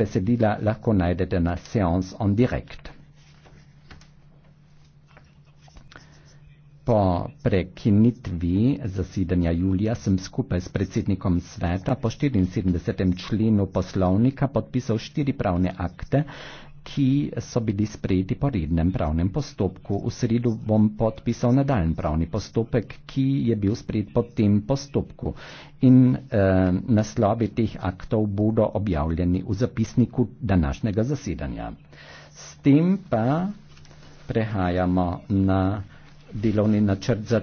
Besedila lahko najdete na seans on direct. Po prekinitvi zasedanja Julija sem skupaj s predsednikom sveta po 74. členu poslovnika podpisal štiri pravne akte, ki so bili sprejeti po rednem pravnem postopku. V sredo bom podpisal nadaljen pravni postopek, ki je bil sprejet po tem postopku. In eh, naslovi teh aktov bodo objavljeni v zapisniku današnjega zasedanja. S tem pa prehajamo na delovni načrt za.